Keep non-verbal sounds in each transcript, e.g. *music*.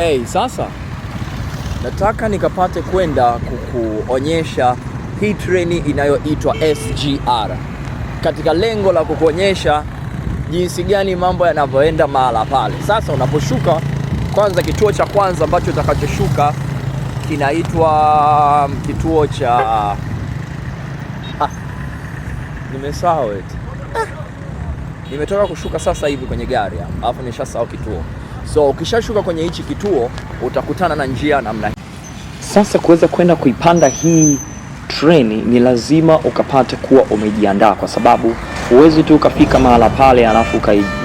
Hey, sasa nataka nikapate kwenda kukuonyesha hii treni inayoitwa SGR katika lengo la kukuonyesha jinsi gani mambo yanavyoenda mahala pale. Sasa unaposhuka kwanza, kituo cha kwanza ambacho utakachoshuka kinaitwa um, kituo cha ah, nimesahau eti ah, nimetoka kushuka sasa hivi kwenye gari hapa, alafu nishasahau kituo So ukishashuka kwenye hichi kituo utakutana na njia namna hii. Sasa kuweza kwenda kuipanda hii treni ni lazima ukapate kuwa umejiandaa, kwa sababu huwezi tu ukafika mahala pale alafu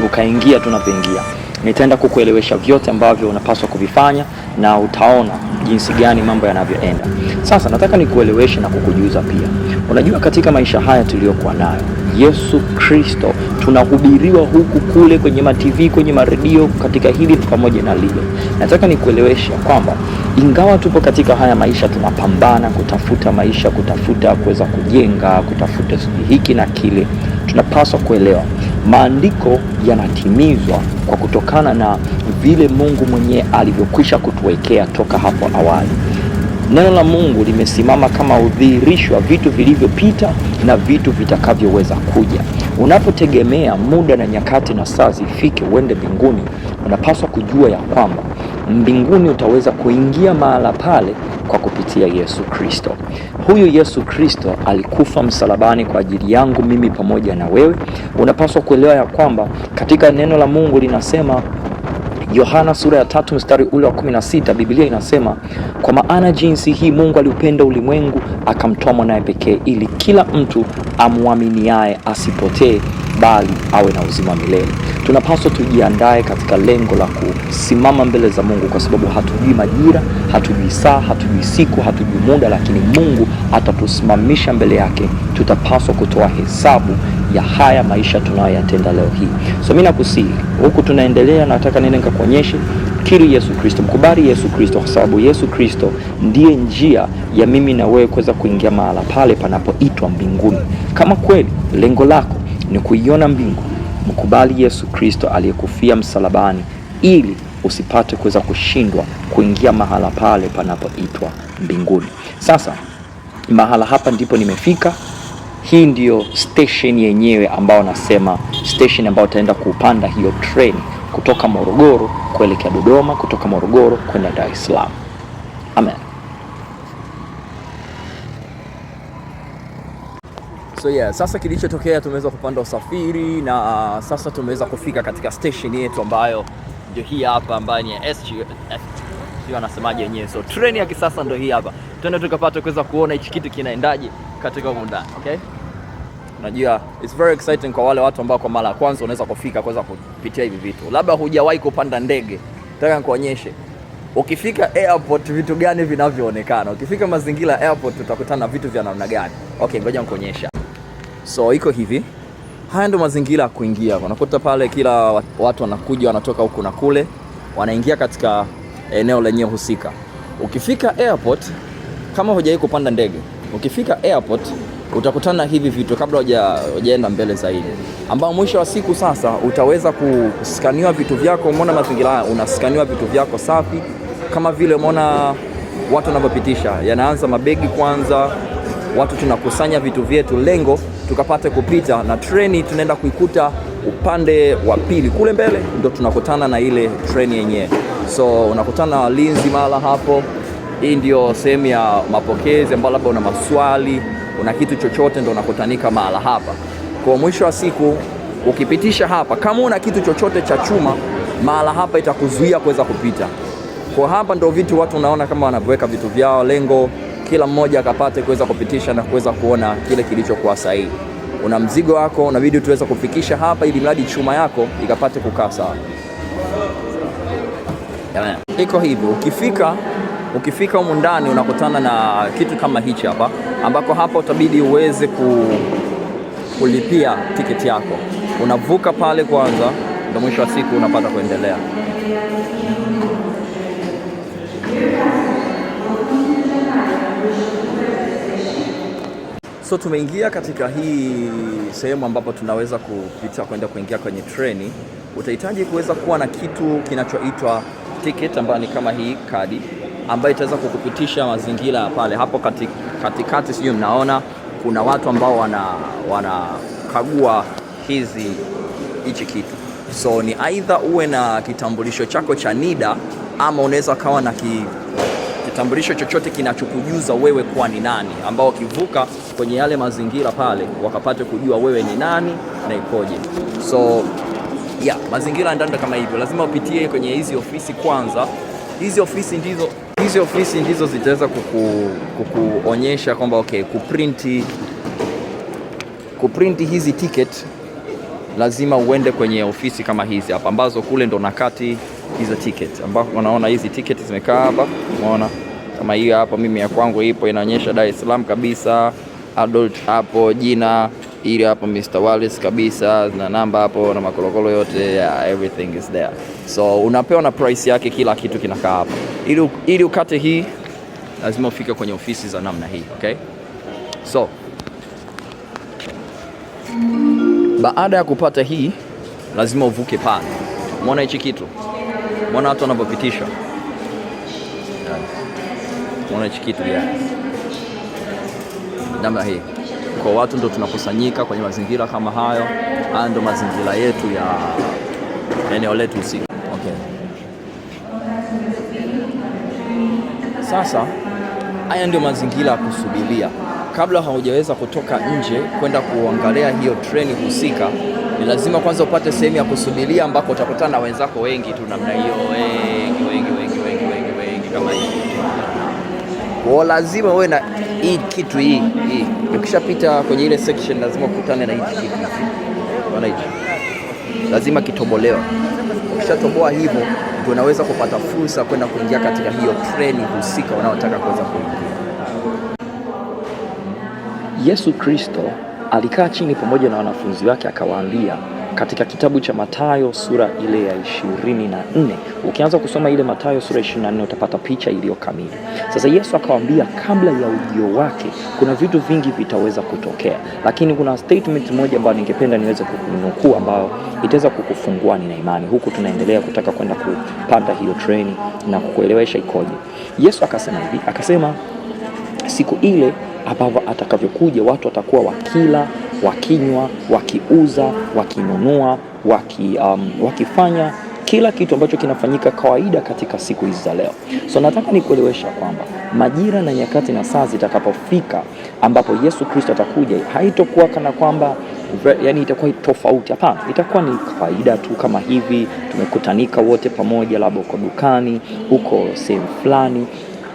ukaingia uka tu unapoingia nitaenda kukuelewesha vyote ambavyo unapaswa kuvifanya na utaona jinsi gani mambo yanavyoenda. Sasa nataka nikueleweshe na kukujuza pia. Unajua, katika maisha haya tuliyokuwa nayo Yesu Kristo tunahubiriwa huku kule, kwenye matv, kwenye maredio, katika hili pamoja na lile. Nataka nikueleweshe kwamba ingawa tupo katika haya maisha, tunapambana kutafuta maisha, kutafuta kuweza kujenga, kutafuta hiki na kile, tunapaswa kuelewa maandiko yanatimizwa kwa kutokana na vile Mungu mwenyewe alivyokwisha kutuwekea toka hapo awali. Neno la Mungu limesimama kama udhihirisho wa vitu vilivyopita na vitu vitakavyoweza kuja. Unapotegemea muda na nyakati na saa zifike uende mbinguni, unapaswa kujua ya kwamba mbinguni utaweza kuingia mahala pale kwa kupitia Yesu Kristo. Huyu Yesu Kristo alikufa msalabani kwa ajili yangu mimi pamoja na wewe. Unapaswa kuelewa ya kwamba katika neno la Mungu linasema Yohana sura ya tatu mstari ule wa sita Biblia inasema kwa maana jinsi hii Mungu aliupenda ulimwengu akamtoa mwanaye pekee, ili kila mtu amwaminiaye asipotee, bali awe na uzima milele tunapaswa tujiandae katika lengo la kusimama mbele za Mungu, kwa sababu hatujui majira, hatujui saa, hatujui siku, hatujui muda, lakini Mungu atatusimamisha mbele yake. Tutapaswa kutoa hesabu ya haya maisha tunayoyatenda leo hii. So mimi nakusihi, huku tunaendelea, nataka nene nikakuonyeshe Kiri Yesu Kristo, mkubali Yesu Kristo, kwa sababu Yesu Kristo ndiye njia ya mimi na wewe kuweza kuingia mahala pale panapoitwa mbinguni. Kama kweli lengo lako ni kuiona mbingu Mkubali Yesu Kristo aliyekufia msalabani ili usipate kuweza kushindwa kuingia mahala pale panapoitwa mbinguni. Sasa mahala hapa ndipo nimefika. Hii ndiyo station yenyewe ambayo nasema station ambayo utaenda kupanda hiyo treni kutoka Morogoro kuelekea Dodoma, kutoka Morogoro kwenda Dar es Salaam. Amen. So yeah, sasa kilichotokea tumeweza kupanda usafiri na uh, sasa tumeweza kufika katika station yetu ambayo ndio hii hapa ambayo ni ya SGR eh, anasemaje wenyewe. So treni ya kisasa ndio hii hapa. Twende tukapata kuweza kuona hichi kitu kinaendaje katika huko ndani. Okay? Unajua it's very exciting kwa wale watu ambao kwa mara ya kwanza unaweza kufika kuweza kupitia hivi vitu. Labda hujawahi kupanda ndege. Nataka nikuonyeshe. Ukifika airport vitu gani vinavyoonekana? Ukifika mazingira airport utakutana na vitu vya namna gani? Okay, ngoja nikuonyesha. So iko hivi, haya ndo mazingira ya kuingia. Unakuta pale kila watu wanakuja wanatoka huku na kule, wanaingia katika eneo lenye husika. Ukifika airport, kama hujawahi kupanda ndege, ukifika airport utakutana hivi vitu kabla hujaenda mbele zaidi, ambao mwisho wa siku sasa utaweza kuskaniwa vitu vyako. Umeona mazingira haya, unaskaniwa vitu vyako safi, kama vile umeona watu wanavyopitisha, yanaanza mabegi kwanza, watu tunakusanya vitu vyetu, lengo tukapata kupita na treni tunaenda kuikuta upande wa pili kule mbele, ndo tunakutana na ile treni yenyewe. So unakutana na walinzi mahala hapo. Hii ndio sehemu ya mapokezi ambayo labda una maswali, una kitu chochote, ndo unakutanika mahala hapa. Kwa mwisho wa siku ukipitisha hapa, kama una kitu chochote cha chuma, mahala hapa itakuzuia kuweza kupita. Kwa hapa ndo vitu watu unaona kama wanavyoweka vitu vyao lengo kila mmoja akapate kuweza kupitisha na kuweza kuona kile kilichokuwa sahihi. Una mzigo wako unabidi tuweza kufikisha hapa, ili mradi chuma yako ikapate kukaa sawa. Iko hivyo, ukifika ukifika humu ndani unakutana na kitu kama hichi hapa, ambako hapa utabidi uweze ku, kulipia tiketi yako. Unavuka pale kwanza, ndio mwisho wa siku unapata kuendelea. So tumeingia katika hii sehemu ambapo tunaweza kupita kwenda kuingia kwenye treni. Utahitaji kuweza kuwa na kitu kinachoitwa ticket ambayo ni kama hii kadi ambayo itaweza kukupitisha mazingira pale. Hapo katikati kati, sijui mnaona kuna watu ambao wanakagua wana hizi hichi kitu. So ni aidha uwe na kitambulisho chako cha NIDA ama unaweza kawa na ki kitambulisho chochote kinachokujuza wewe kuwa ni nani, ambao wakivuka kwenye yale mazingira pale wakapate kujua wewe ni nani na ikoje. So yeah, mazingira ya kama hivyo, lazima upitie kwenye hizi ofisi kwanza. Hizi ofisi ndizo hizi ofisi ndizo zitaweza kuku, kukuonyesha kwamba okay, kuprinti kuprinti hizi ticket lazima uende kwenye ofisi kama hizi hapa, ambazo kule ndo nakati hizo ticket, ambapo unaona hizi ticket zimekaa hapa, unaona kama hiyo hapa, mimi ya kwangu ipo inaonyesha Dar es Salaam kabisa, adult hapo, jina ili hapo Mr. Wallace kabisa na namba hapo na makolokolo yote yeah, everything is there. So unapewa na price yake, kila kitu kinakaa hapa. Ili, ili ukate hii lazima ufike kwenye ofisi za namna hii okay? So baada ya kupata hii lazima uvuke pale. Umeona hichi kitu, mwana watu wanavyopitisha unaona hichi kitu ya namna hii. Kwa watu ndo tunakusanyika kwenye mazingira kama hayo. Haya ndio mazingira yetu ya eneo letu usiku. Okay. Sasa haya ndio mazingira ya kusubiria. Kabla haujaweza kutoka nje kwenda kuangalia hiyo treni husika, ni lazima kwanza upate sehemu ya kusubiria ambako utakutana na wenzako wengi tu namna hiyo. Eh. Kwa lazima uwe na hii kitu hii hii. Ukishapita kwenye ile section lazima ukutane na hii kitu. Unaona hicho? Lazima kitobolewa. Ukishatoboa hivyo ndio unaweza kupata fursa kwenda kuingia katika hiyo treni husika unaotaka kuweza kuingia. Yesu Kristo alikaa chini pamoja na wanafunzi wake akawaambia katika kitabu cha Mathayo sura ile ya ishirini na nne ukianza kusoma ile Mathayo sura ya ishirini na nne utapata picha iliyo kamili. Sasa Yesu akawambia kabla ya ujio wake kuna vitu vingi vitaweza kutokea, lakini kuna statement moja ambayo ningependa niweze kukunukuu ambayo itaweza kukufungua na imani, huku tunaendelea kutaka kwenda kupanda hiyo treni na kukuelewesha ikoje. Yesu akasema hivi, akasema siku ile ambavyo atakavyokuja watu watakuwa wakila wakinywa, wakiuza, wakinunua, waki, um, wakifanya kila kitu ambacho kinafanyika kawaida katika siku hizi za leo. So nataka nikuelewesha kwamba majira na nyakati na saa zitakapofika ambapo Yesu Kristo atakuja, haitokuwa kana kwamba yani itakuwa tofauti. Hapana, itakuwa ni kawaida tu, kama hivi tumekutanika wote pamoja, labda uko dukani, uko sehemu fulani,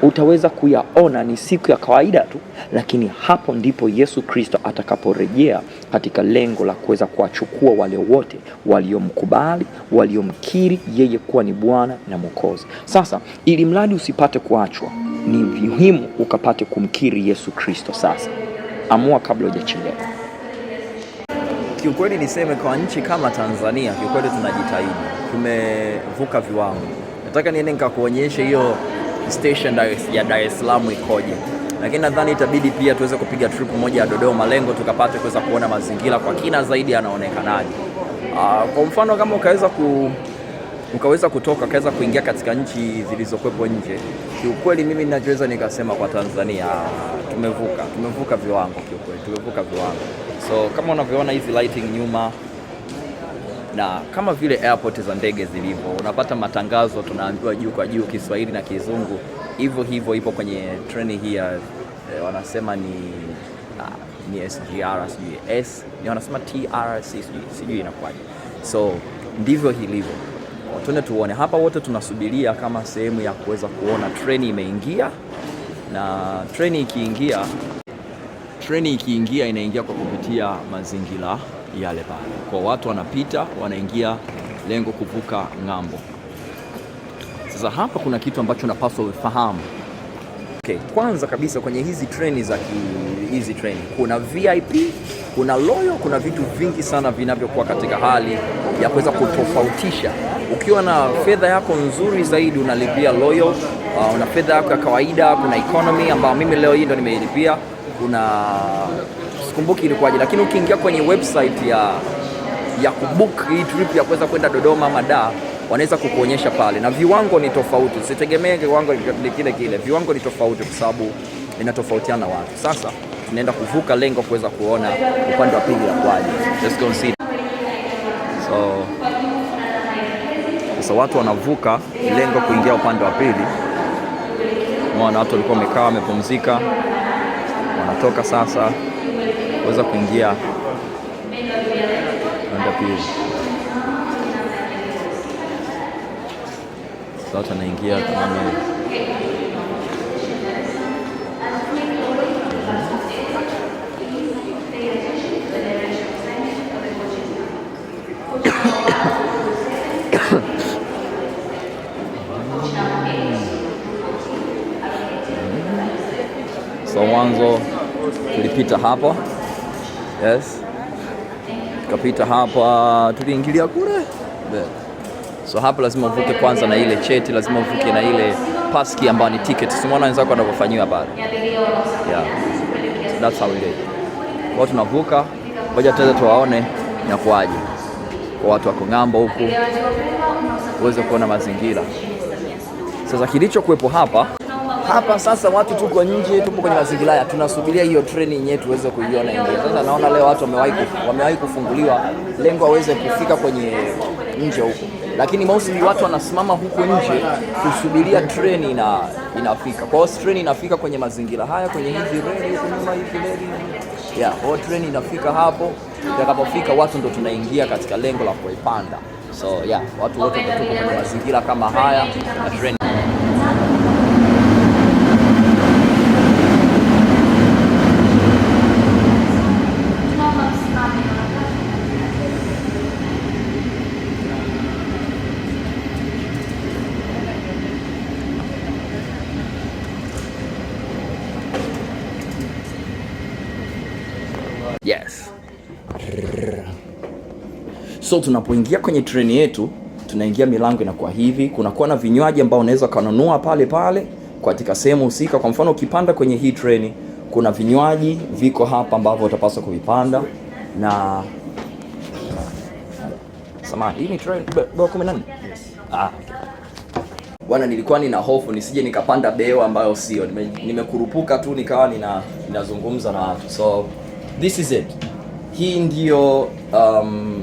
utaweza kuyaona ni siku ya kawaida tu, lakini hapo ndipo Yesu Kristo atakaporejea katika lengo la kuweza kuwachukua wale wote waliomkubali, waliomkiri yeye kuwa ni Bwana na Mwokozi. Sasa ili mradi usipate kuachwa, ni muhimu ukapate kumkiri Yesu Kristo. Sasa amua kabla hujachelewa. Kiukweli niseme kwa nchi kama Tanzania, kiukweli tunajitahidi, tumevuka viwango. Nataka niende nikakuonyeshe hiyo station ya Dar es Salaam ikoje, lakini nadhani itabidi pia tuweze kupiga trip moja ya Dodoma, lengo tukapate kuweza kuona mazingira kwa kina zaidi yanaonekanaje. Uh, kwa mfano kama ukaweza ku ukaweza kutoka ukaweza kuingia katika nchi zilizokuwepo nje, kiukweli mimi ninachoweza nikasema kwa Tanzania tumevuka tumevuka viwango, kiukweli tumevuka viwango. So kama unavyoona hizi lighting nyuma na kama vile airport za ndege zilivyo, unapata matangazo tunaambiwa juu kwa juu, Kiswahili na Kizungu, hivyo hivyo ipo kwenye treni hii ya e, wanasema ni uh, ni SGR sijui S ni wanasema TRC sijui inakuwaje, so ndivyo hilivyo. Tuende tuone hapa, wote tunasubiria kama sehemu ya kuweza kuona treni imeingia, na treni ikiingia, treni ikiingia inaingia kwa kupitia mazingira yale pale, kwa watu wanapita wanaingia, lengo kuvuka ng'ambo. Sasa hapa kuna kitu ambacho napaswa ufahamu. Okay, kwanza kabisa kwenye hizi treni za hizi treni kuna VIP, kuna loyal, kuna vitu vingi sana vinavyokuwa katika hali ya kuweza kutofautisha. Ukiwa na fedha yako nzuri zaidi unalipia loyal, uh, una fedha yako ya kawaida, kuna economy ambayo mimi leo hii ndo nimeilipia, kuna sikumbuki ilikuwaje, lakini ukiingia kwenye website ya ya kubook hii trip ya kuweza kwenda Dodoma ama Dar wanaweza kukuonyesha pale, na viwango ni tofauti. Usitegemee viwango ni kile kile, viwango ni tofauti kwa sababu inatofautiana watu. Sasa tunaenda kuvuka lengo kuweza kuona upande wa pili kwaje. Let's go see. So sasa watu wanavuka lengo kuingia upande wa pili, mwana, watu walikuwa wamekaa wamepumzika, wanatoka sasa kuweza kuingia raundi pili. Sasa tunaingia kama *coughs* so mwanzo tulipita hapo. Yes. Kapita hapa tuliingilia kule. So hapa lazima uvuke kwanza na ile cheti, lazima uvuke na ile paski ambayo ni ticket. mwana wenzako wanavyofanyiwa pale. Yeah. So that's how it is. Kwa tunavuka, ngoja tuweze tuwaone inakuwaje. Kwa watu wako ng'ambo huku uweze kuona mazingira. Sasa kilichokuwepo hapa hapa sasa watu tuko nje, tupo kwenye mazingira haya, tunasubiria hiyo treni yenyewe tuweze kuiona. Sasa naona leo watu wamewahi wamewahi kufunguliwa, lengo waweze kufika kwenye nje huko, lakini mostly watu wanasimama huko nje kusubiria treni ina inafika. Kwa hiyo treni inafika kwenye mazingira haya, kwenye hizi reli huko nyuma, hizi reli yeah, kwa treni inafika hapo. Itakapofika watu ndo tunaingia katika lengo la kuipanda. So yeah, watu wote tuko kwenye mazingira kama haya na treni So tunapoingia kwenye treni yetu tunaingia, milango inakuwa hivi, kunakuwa na vinywaji ambao unaweza ukanunua pale pale katika sehemu husika. Kwa mfano ukipanda kwenye hii treni, kuna vinywaji viko hapa ambavyo utapaswa kuvipanda na hii ni treni doa 18. Yes. Ah, okay. Bwana, nilikuwa nina hofu nisije nikapanda beo ambayo sio, nimekurupuka nime tu nikawa nina ninazungumza na watu, so this is it. Hii ndio um,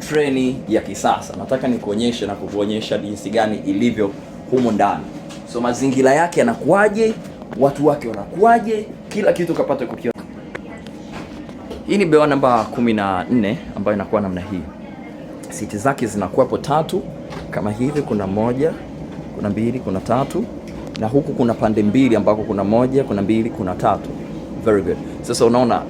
treni ya kisasa. Nataka nikuonyeshe na kukuonyesha jinsi gani ilivyo humo ndani, so mazingira yake yanakuwaje, watu wake wanakuwaje, kila kitu kapata kukiona. Hii ni bewa namba 14 ambayo inakuwa namna hii. Siti zake zinakuwapo tatu kama hivi, kuna moja, kuna mbili, kuna tatu, na huku kuna pande mbili ambako kuna moja, kuna mbili, kuna tatu. Very good. Sasa unaona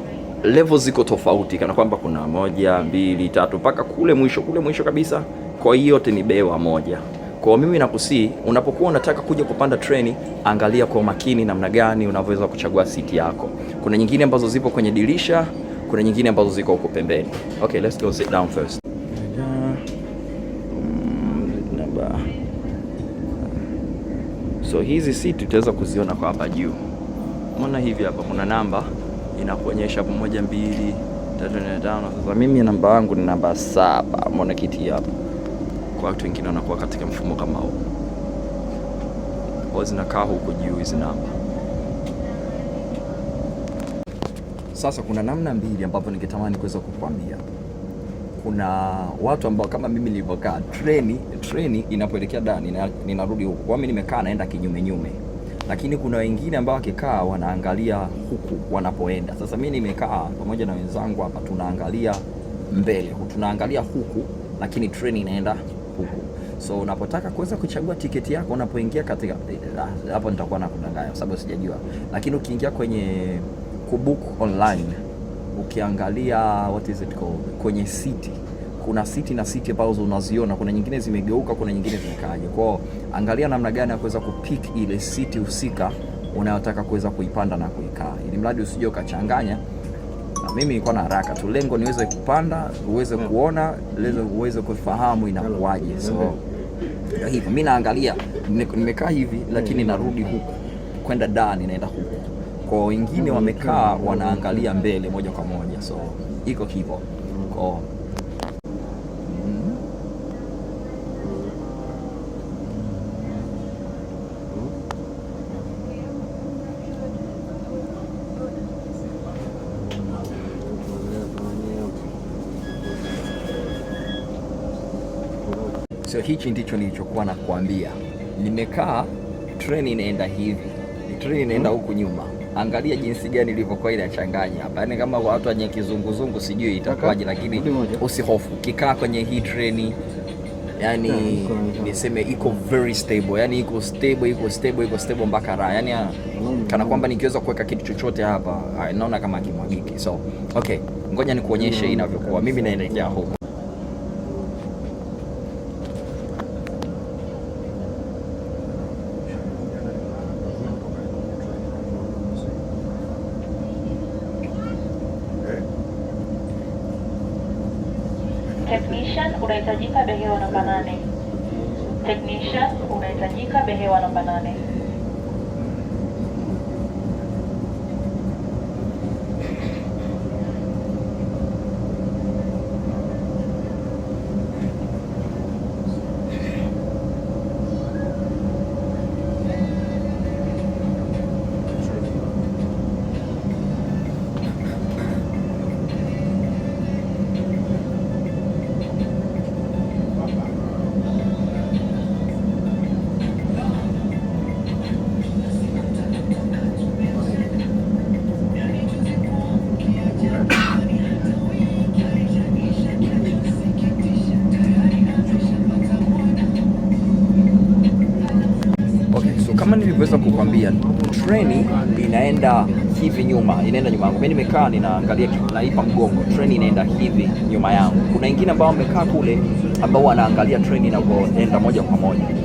level ziko tofauti, kana kwamba kuna moja, mbili, tatu mpaka kule mwisho, kule mwisho kabisa. Kwa hiyo yote ni bewa moja. Kwa mimi nakusii, unapokuwa unataka kuja kupanda treni, angalia kwa makini namna gani unavyoweza kuchagua siti yako. Kuna nyingine ambazo zipo kwenye dirisha, kuna nyingine ambazo ziko huko pembeni. Okay, let's go sit down first. So hizi siti utaweza kuziona kwa hapa juu, umeona hivi hapa kuna namba inakuonyesha hapo moja mbili tatu nne tano. Sasa mimi namba yangu ni namba saba, mbona kiti hapo. Kwa watu wengine wanakuwa katika mfumo kama huo, kwa zinakaa huko juu hizi namba. Sasa kuna namna mbili ambapo ningetamani kuweza kukwambia kuna watu ambao kama mimi nilivyokaa treni, treni inapoelekea ndani, ninarudi huko, kwa mimi nimekaa naenda kinyume nyume lakini kuna wengine ambao wakikaa wanaangalia huku wanapoenda. Sasa mi nimekaa pamoja na wenzangu hapa, tunaangalia mbele, tunaangalia huku, lakini treni inaenda huku. So unapotaka kuweza kuchagua tiketi yako unapoingia katika eh, hapo, nitakuwa nakudanganya kwa sababu sijajua, lakini ukiingia kwenye kubook online, ukiangalia what is it called kwenye city kuna siti na siti ambazo unaziona, kuna nyingine zimegeuka, kuna nyingine zimekaaje. Kwao angalia namna gani ya kuweza kupick ile siti husika unayotaka kuweza kuipanda na kuikaa, ili mradi usije ukachanganya. mimi nilikuwa na haraka tu, lengo niweze kupanda, uweze kuona, uweze kufahamu inakuwaje So hivyo mimi naangalia, nimekaa hivi, lakini narudi huku kwenda ndani, naenda huku kwa wengine wamekaa wanaangalia mbele moja kwa moja, so iko hivyo kwa hichi ndicho nilichokuwa nakwambia. Nimekaa treni inaenda hivi, treni inaenda mhm. huku nyuma, angalia jinsi gani ilivyokuwa inachanganya hapa. Yaani kama watu wenye kizunguzungu sijui itakuwaje, lakini usihofu, kikaa kwenye hii treni yani niseme iko very stable, yani iko stable, iko stable, iko stable mpaka raha, yani kana kwamba nikiweza kuweka kitu chochote hapa naona kama kimwagiki. So okay, ngoja nikuonyeshe mm, inavyokuwa. Mimi naelekea huko. unahitajika behewa namba nane. Technician unahitajika behewa namba nane. treni inaenda hivi nyuma, inaenda nyuma yangu. Mimi nimekaa ninaangalia, naipa mgongo treni, inaenda hivi nyuma yangu. Kuna wengine ambao wamekaa kule ambao wanaangalia treni inavyoenda moja kwa moja.